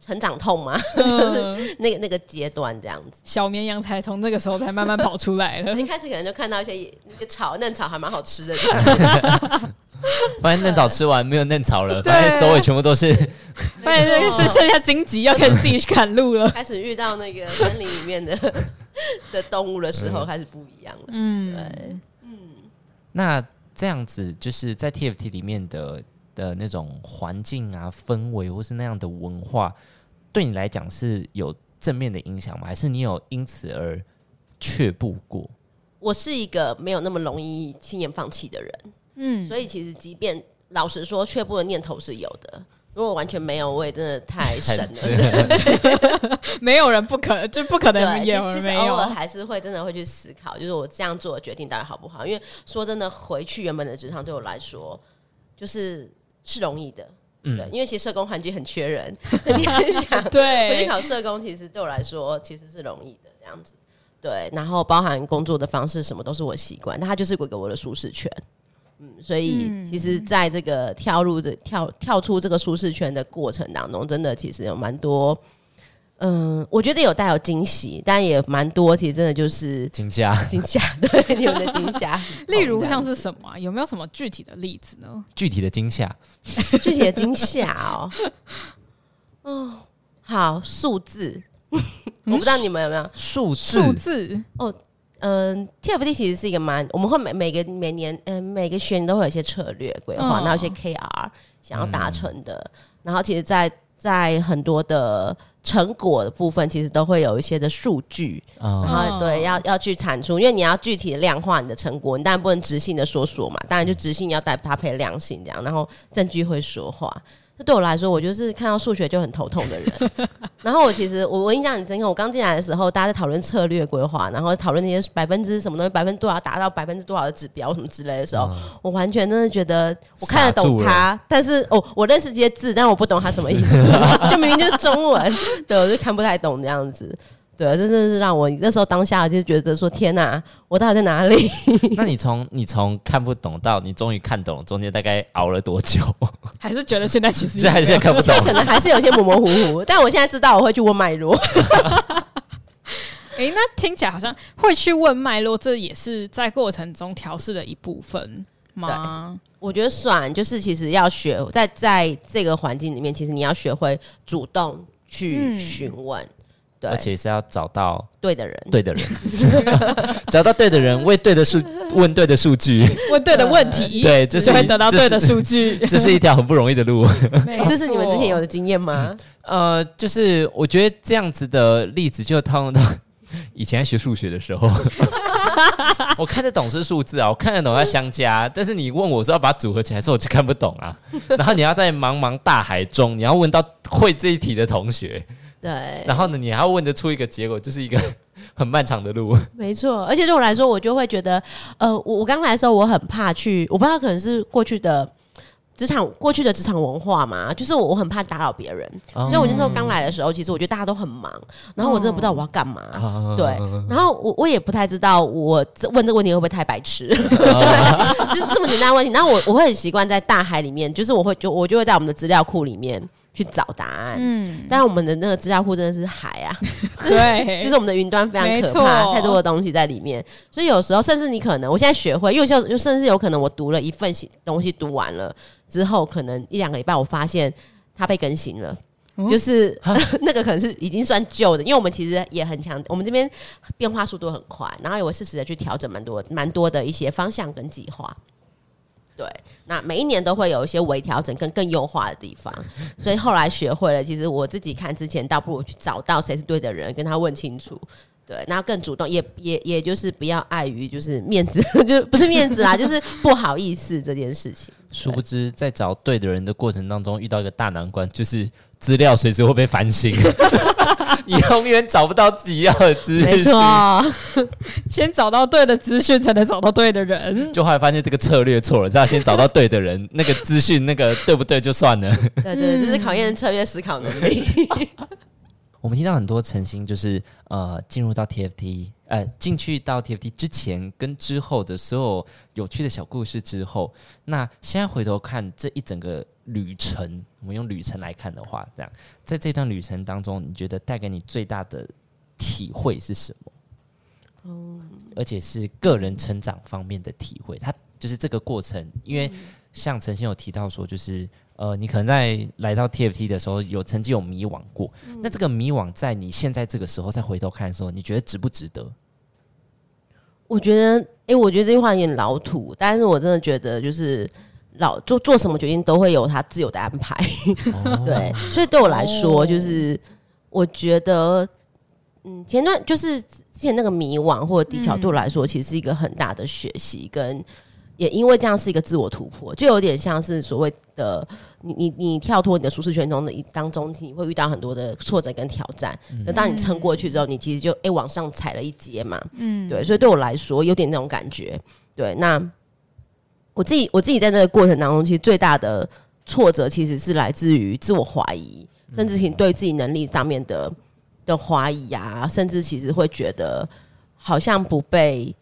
成長痛嘛， (laughs) 就是那個那個階段這樣子。小綿羊才從那個時候才慢慢跑出來了。 (laughs) 一開始可能就看到一些那些、個、草嫩草還蠻好吃的，發
(laughs) 現嫩草吃完沒有嫩草了，發 (laughs) 現周圍全部都是發
現 (laughs) (laughs) 是剩下荊棘，要跟自
己去趕路了。
開始遇到那個森林裡面的 (laughs) (laughs) 的動物的時候，開始不一樣了。
嗯，
對，嗯，那這樣子就是在 TFT 裡面的。的那種環境啊、氛圍，或是那樣的文化，對你來講是有正面的影響嗎？還是你有因此而卻步過？
我是一個沒有那麼容易輕言放棄的人，嗯，所以其實即便老實說，卻步的念頭是有的。如果我完全沒有，我也真的太神了。 (laughs) (laughs) (laughs)
沒有人不可，就不可能。其實偶爾還
是會真的會去思考，就是我這樣做的決定到底好不好？因為說真的，回去原本的職場對我來說，就是。是容易的，嗯，對，因為其實社工環境很缺人，所以你很想 (laughs) 對。我去考社工，其實對我來說其實是容易的這樣子，對。然後包含工作的方式什麼都是我習慣，它就是給給我的舒適圈，嗯。所以，其實在這個跳入這跳跳出這個舒適圈的過程當中，真的其實有蠻多。嗯，我覺得有帶有驚喜，但也蠻多。其實真的就是驚嚇，驚嚇，
對你們的驚嚇。 (laughs) 例如像是什麼、啊，有沒有什麼具體的例子呢？具體的驚嚇，具
體的驚嚇
哦。
(laughs) 哦，
好，數字
(laughs) 嗯，我不知道你們有沒有數字？數字哦，嗯，TFT 其實是一個蠻，我們會每每個每年，嗯、呃，每個學年都會有一些策略規劃，那、哦、一些 K R 想要達成的、嗯，然後其實在。在很多的成果的部分，其實都會有一些的數據，oh. 然後對、oh. 要要去產出，因為你要具體的量化你的成果，你當然不能質性的說說嘛，當然就質性要帶搭配量性這樣，然後證據會說話。這對我來說，我就是看到數學就很頭痛的人。 (laughs) 然後我其實我我印象很深刻，我剛進來的時候，大家在討論策略規劃，然後討論那些百分之什麼東西，百分之多少達到百分之多少的指標什麼之類的時候，嗯、我完全真的覺得我看得懂它，但是哦，我認識這些字，但我不懂它什麼意思， (laughs) (laughs) 就明明就是中文， (laughs) 對，我就看不太懂這樣子。對，這真的是讓我那時候當下就是覺得說：“天哪，啊，我到底在哪裡？”
那你從你從看不懂到你終於看懂，中間大概熬了多久？
還是覺得現在其
實現在現在看不懂，可能還是有些模模糊糊。 (laughs) 但我現在知道，我會去問麥羅。
哎、 (laughs) 欸，那聽起來好像會去問麥羅，這也是在過程中調試的一部分嗎？
我覺得，算，就是其實要學，在在這個環境裡面，其實你要學會主動去詢問。嗯
而且是要找到對的人，對的人， (laughs) 找到對的人，為對的數，問對的數據，問對的問題，對，就是就會得到對的數據。這，就是就是一條很不容易的路。這是你們之前有的經驗嗎？哦 (laughs) 嗯、呃，就是我覺得這樣子的例子，就套用到以前學數學的時候， (laughs) (laughs) 我看得懂是數字啊，我看得懂要相加，但是你問我說要把組合起來，之後，我就看不懂啊。 (laughs) 然後你要在茫茫大海中，你要問到會這一題的同學。對，然後呢，你還要問得出一個結果，就是一個很漫長的路。
沒錯，而且對我來說，我就會覺得，呃，我我剛來的時候，我很怕去，我不知道可能是過去的職場過去的職場文化嘛，就是我我很怕打擾別人、哦。所以我那時候剛來的時候，其實我覺得大家都很忙，然後我真的不知道我要幹嘛、哦。對，然後我我也不太知道我這問這個問題會不會太白痴、哦， (laughs) 就是這麼簡單的問題。然後我我會很習慣在大海裡面，就是我會就我就會在我們的資料庫裡面。去找答案，嗯，但我們的那個資料庫真的是海啊，對， (laughs) 就是我們的雲端非常可怕，太多的東西在裡面，所以有時候甚至你可能，我現在學會，又像又甚至有可能我讀了一份東西讀完了之後，可能一兩個禮拜我發現它被更新了，嗯、就是 (laughs) 那個可能是已經算舊的，因為我們其實也很強，我們這邊變化速度很快，然後也會適時的去調整蠻多蠻多的一些方向跟計劃。對，那每一年都會有一些微調整跟更優化的地方，所以後來學會了，其實我自己看之前倒不如去找到誰是對的人，跟他問清楚，對，然後更主動也，也也也就是不要礙於就是面子， (laughs) 就不是面子啦， (laughs) 就是不好意思這件事情。
殊不知在找對的人的過程當中，遇到一個大難關，就是。資料隨時會被翻新， (laughs) 你 (laughs) 永遠找不到自己要的資訊。沒錯，
先找到對的資訊，才能找
到對的人。就後來發現這個策略錯了，知道先找到對的人， (laughs) 那個資訊那個對不對就算了。
對對， (laughs) 這是考驗策略思考能力。
我們聽到很多宸妡，就是呃，進入到 TFT。呃，進去到 TFT 之前跟之後的所有有趣的小故事之後，那現在回頭看這一整個旅程，我們用旅程來看的話，這樣在這段旅程當中，你覺得帶給你最大的體會是什麼？哦、嗯，而且是個人成長方面的體會。它就是這個過程，因為像宸妡有提到說，就是。呃，你可能在來到 TFT 的時候有曾經有迷惘過、嗯，那這個迷惘在你現在這個時候再回頭看的時候，你覺得值不值得？
我覺得，哎、欸，我覺得這句話有點老土，但是我真的覺得就是老做做什麼決定都會有他自有的安排，哦、 (laughs) 對，所以對我來說，就是、哦、我覺得，嗯，前段就是之前那個迷惘或者低潮對我來說、嗯，其實是一個很大的學習跟。也因為這樣是一個自我突破，就有點像是所謂的你你你跳脫你的舒適圈中的一當中，你會遇到很多的挫折跟挑戰。那、嗯、當你撐過去之後，你其實就誒、欸、往上踩了一階嘛，嗯，對。所以對我來說有點那種感覺。對，那我自己我自己在這個過程當中，其實最大的挫折其實是來自於自我懷疑，甚至於對自己能力上面的的懷疑啊，甚至其實會覺得好像不被。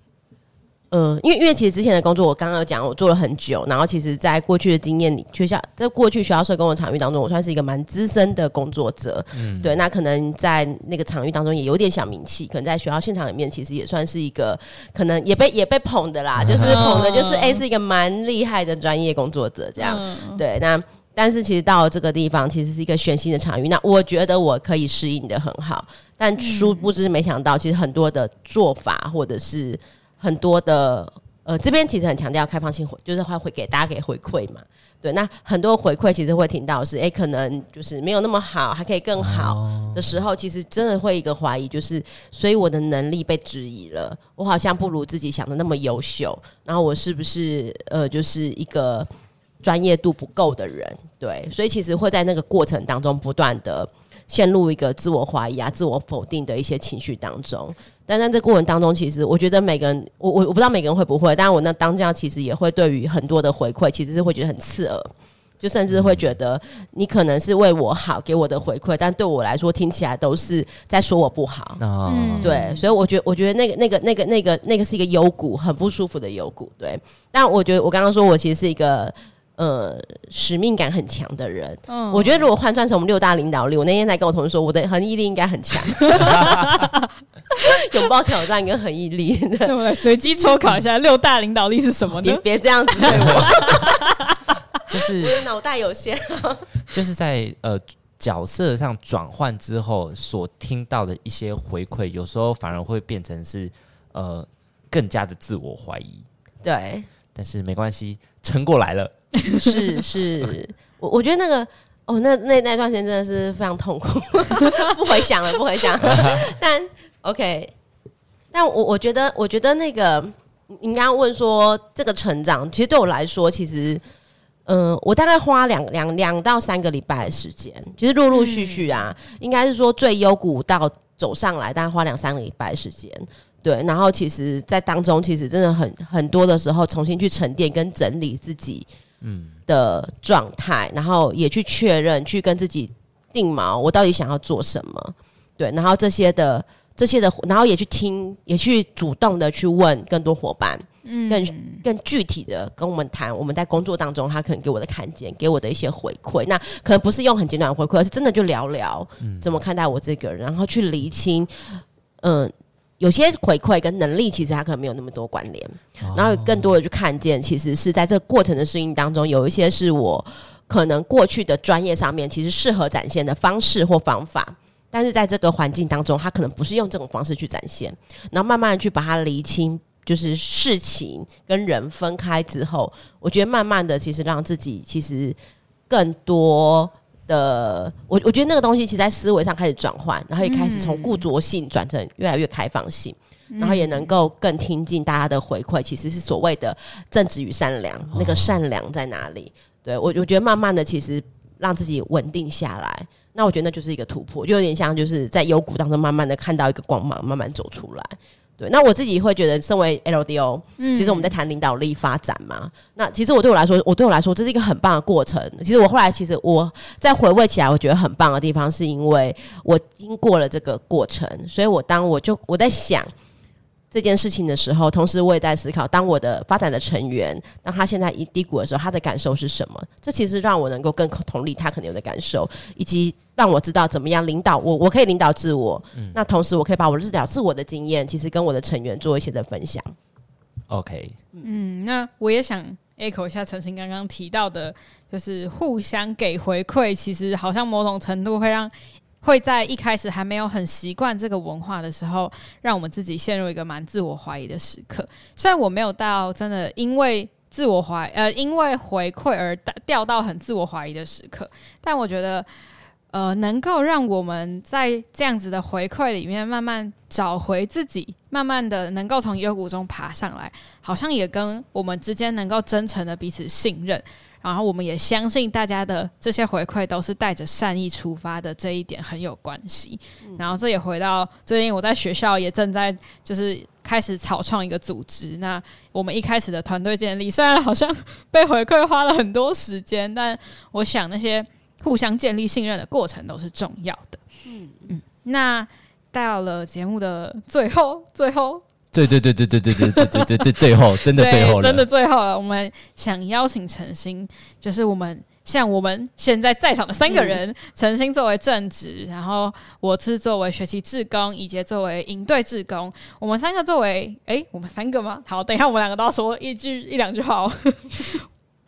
嗯，因為因為其實之前的工作我剛剛有講，我做了很久，然後其實，在過去的經驗裡，學校在過去學校社工的場域當中，我算是一個蠻資深的工作者。嗯，對，那可能在那個場域當中也有點小名氣，可能在學校現場裡面，其實也算是一個可能也被也被捧的啦、嗯，就是捧的就是哎、欸、是一個蠻厲害的專業工作者這樣。嗯、對，那但是其實到了這個地方其實是一個全新的場域，那我覺得我可以適應得很好，但殊不知沒想到，嗯、其實很多的做法或者是。很多的呃，這邊其實很強調開放性，就是會會給大家給回饋嘛。對，那很多回饋其實會聽到是，哎、欸，可能就是沒有那麼好，還可以更好的時候，oh. 其實真的會一個懷疑，就是所以我的能力被質疑了，我好像不如自己想的那麼優秀，然後我是不是呃就是一個專業度不夠的人？對，所以其實會在那個過程當中不斷的陷入一個自我懷疑啊、自我否定的一些情緒當中。但在這過程當中，其實我覺得每個人，我我我不知道每個人會不會，但我那當下其實也會對於很多的回饋，其實是會覺得很刺耳，就甚至會覺得你可能是為我好給我的回饋，但對我來說聽起來都是在說我不好。
哦。
對，所以我覺得，我覺得那個那個那個那個那個是一個幽谷，很不舒服的幽谷。對，但我覺得我剛剛說我其實是一個。呃，使命感很強的人，嗯，我覺得如果換算成我們六大領導力，我那天才跟我同事說，我的恆毅力應該很強，擁 (laughs) 抱 (laughs) 挑戰跟恆毅力。 (laughs) 我們來隨機抽考一下六大領導力是什麼呢？你別這樣子對我，
(laughs) (laughs) 就是
腦 (laughs) 袋有限，
(laughs) 就是在，呃、角色上轉換之後所聽到的一些回饋，有時候反而會變成是，呃、更加的自我懷疑。對。但是沒關係，撐過來了。是是，
我我覺得那個哦，那那那段時間真的是非常痛苦， (laughs) (laughs) 不回想了，不回想了 (laughs) 但、okay。但 OK，但我我覺得，我覺得那個，你剛剛問說這個成長，其實對我來說，其實嗯、呃，我大概花兩兩兩到三個禮拜的時間，其實陸陸續續,續啊、嗯，應該是說最幽谷到走上來，大概花兩三個禮拜的時間。對，然後其實，在當中，其實真的很很多的時候，重新去沉澱跟整理自己，嗯，的狀態，嗯，然後也去確認，去跟自己定錨，我到底想要做什麼？對，然後這些的，這些的，然後也去聽，也去主動的去問更多夥伴，嗯，更更具體的跟我們談，我們在工作當中，他可能給我的看見，給我的一些回饋，那可能不是用很簡短的回饋，而是真的就聊聊，嗯，怎麼看待我這個人，然後去釐清，嗯。有些回饋跟能力，其實他可能沒有那麼多關聯。然後更多的去看見，其實是在這個過程的適應當中，有一些是我可能過去的專業上面其實適合展現的方式或方法，但是在這個環境當中，他可能不是用這種方式去展現。然後慢慢去把它釐清，就是事情跟人分開之後，我覺得慢慢的，其實讓自己其實更多。呃，我，我覺得那個東西其實在思維上開始轉換，然後也開始從固着性轉成越來越開放性，然後也能夠更聽進大家的回饋，其實是所謂的正直與善良，那個善良在哪裡？對我，我覺得慢慢的，其實讓自己穩定下來，那我覺得那就是一個突破，就有點像就是在幽谷當中慢慢的看到一個光芒，慢慢走出來。對，那我自己會覺得，身為 LDO，嗯，其實我們在談領導力發展嘛。那其實我對我來說，我對我來說，這是一個很棒的過程。其實我後來，其實我在回味起來，我覺得很棒的地方，是因為我經過了這個過程，所以我當我就我在想。這件事情的時候，同時我也在思考，當我的發展的成員，當他現在一低谷的時候，他的感受是什麼？這其實讓我能夠更同理他可能有的感受，以及讓我知道怎麼樣領導我，我可以領導自我。嗯、那同時，我可以把我自導自我的經驗，其實跟我的成員做一些的分享。
OK，
嗯，那我也想 echo 一下宸妡剛剛提到的，就是互相給回饋，其實好像某種程度會讓。會在一開始還沒有很習慣這個文化的時候，讓我們自己陷入一個蠻自我懷疑的時刻。雖然我沒有到真的因為自我懷疑呃，因為回饋而掉到很自我懷疑的時刻，但我覺得呃，能夠讓我們在這樣子的回饋裡面慢慢找回自己，慢慢的能夠從幽谷中爬上來，好像也跟我們之間能夠真誠的彼此信任。然後我們也相信大家的這些回饋都是帶着善意出發的，這一點很有關係。嗯。然後這也回到最近我在學校也正在就是開始草創一個組織。那我們一開始的團隊建立，雖然好像被回饋花了很多時間，但我想那些互相建立信任的過程都是重要的。嗯嗯，那到了節目的最後，最後。
最最最最最最最最最最最後，真的最後了，真的
最後了。我們想邀請宸妡，就是我們像我們現在在場的三個人，宸、嗯、妡作為正職，然後我是作為學習志工，以及作為營隊志工，我們三個作為哎，我們三個嗎？好，等一下我們兩個都要說一句一兩句話，哦。 (laughs)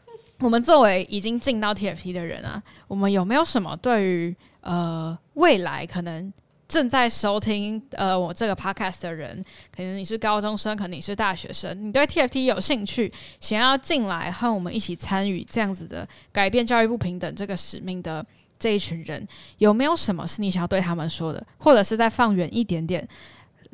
(laughs) 我們作為已經進到 TFT 的人啊，我們有沒有什麼對於呃未來可能？正在收聽呃我這個 podcast 的人，可能你是高中生，可能你是大學生，你對 TFT 有興趣，想要進來和我們一起參與這樣子的改變教育不平等這個使命的這一群人，有沒有什麼是你想要對他們說的，或者是再放遠一點點？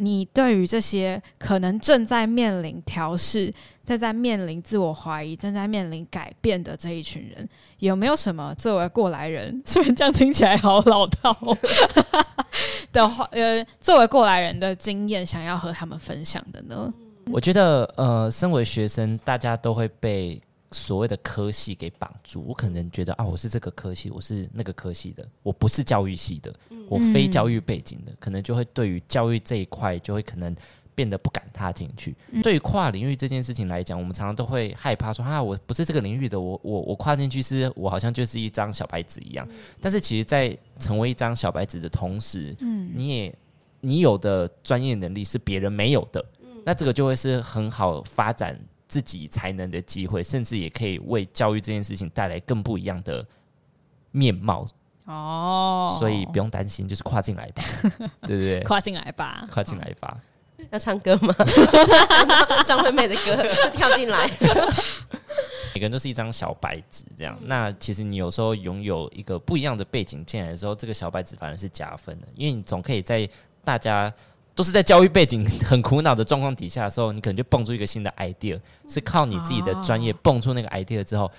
你對於這些可能正在面臨調適、正在面臨自我懷疑、正在面臨改變的這一群人，有沒有什麼作為過來人？雖然這樣聽起來好老套、哦、 (laughs) (laughs) 的話，呃，作為過來人的經驗，想要和他們分享的呢？
我覺得，呃，身為學生，大家都會被，所謂的科系給綁住，我可能覺得啊，我是這個科系，我是那個科系的，我不是教育系的，我非教育背景的，嗯、可能就會對於教育這一塊就會可能變得不敢踏進去。嗯、對於跨領域這件事情來講，我們常常都會害怕說啊，我不是這個領域的，我我我跨進去是，是我好像就是一張小白紙一樣、嗯。但是其實，在成為一張小白紙的同時，嗯，你也你有的專業能力是別人沒有的、嗯，那這個就會是很好發展自己才能的機會，甚至也可以為教育這件事情帶來更不一樣的面貌哦。Oh. 所以不用擔心，就是跨進來吧， (laughs) 對不對？跨進來吧，跨進來吧、
哦。要唱歌嗎？張 (laughs) 惠 (laughs) 妹,妹的歌，就跳進來。
(laughs) 每個人都是一張小白紙，這樣。那其實你有時候擁有一個不一樣的背景進來的時候，這個小白紙反而是加分的，因為你總可以在大家。都是在教育背景很苦惱的狀況底下的時候，你可能就蹦出一個新的 idea，是靠你自己的專業蹦出那個 idea 之後。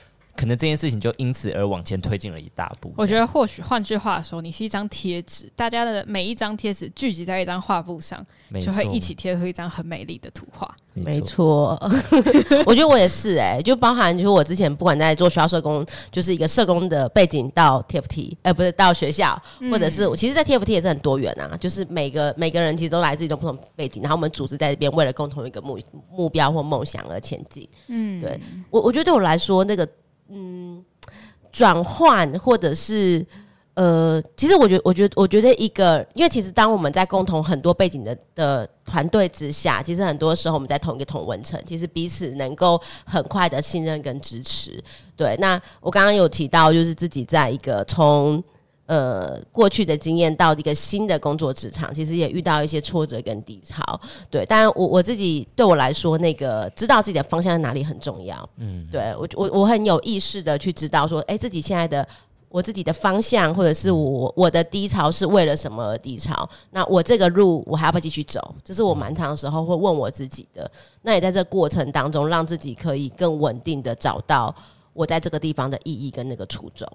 可能這件事情就因此而往前推進了一大步。我
覺得，或許換句話說，你是一張貼紙，大家的每一張貼紙聚集在一張畫布上，就會一起貼出一張很美麗的圖畫。
沒錯，
(laughs) 我覺得我也是哎、欸， (laughs) 就包含就是我之前不管在做學校社工，就是一個社工的背景到 TFT，呃，不是到學校，嗯、或者是我其實，在 TFT 也是很多元啊，就是每個每個人其實都來自於一種不同背景，然後我們組織在這邊為了共同一個目目標或夢想而前進。嗯，對我，我覺得對我來說那個。嗯，轉換或者是呃，其實我覺得我覺得我覺得一個，因為其實當我們在共同很多背景的的團隊之下，其實很多時候我們在同一個同溫層，其實彼此能夠很快的信任跟支持。對，那我剛剛有提到，就是自己在一個從。呃，過去的經驗到一個新的工作職場，其實也遇到一些挫折跟低潮。對，當然我我自己對我來說，那個知道自己的方向在哪裡很重要。嗯，對，我我我很有意識的去知道說，哎、欸，自己現在的我自己的方向，或者是我我的低潮是為了什麼而低潮？那我這個路我還要不要繼續走？這是我蠻長的時候會問我自己的。那也在這過程當中，讓自己可以更穩定的找到我在這個地方的意義跟那個初衷。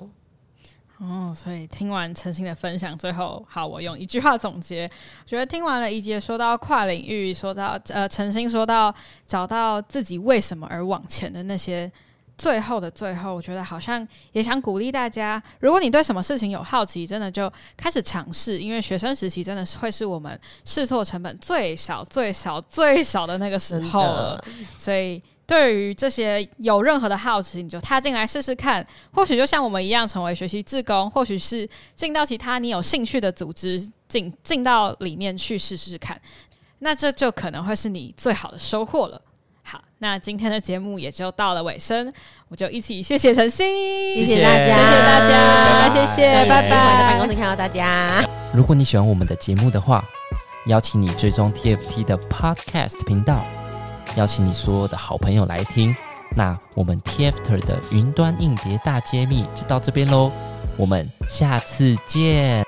哦，所以聽完宸妡的分享，最後好，我用一句話總結，我覺得聽完了一節，說到跨領域，說到呃，宸妡說到找到自己為什麼而往前的那些，最後的最後，我覺得好像也想鼓勵大家，如果你對什麼事情有好奇，真的就開始嘗試，因為學生時期真的是會是我們試錯成本最少、最少、最少的那個時候了，所以。對於這些有任何的好奇，你就踏進來試試看，或許就像我們一樣成為學習志工，或許是進到其他你有興趣的組織，進進到裡面去試試看，那這就可能會是你最好的收穫了。好，那今天的節目也就到了尾聲，我就一起謝謝宸妡，謝謝大家，謝謝大家，大家
謝謝，拜拜。在辦公室看到
大家，
如果你喜歡我們的節目的話，邀請你追蹤 TFT 的 Podcast 頻道。邀請你所有的好朋友來聽，那我們 TFTer 的雲端硬碟大揭密就到這邊嘍，我們下次見。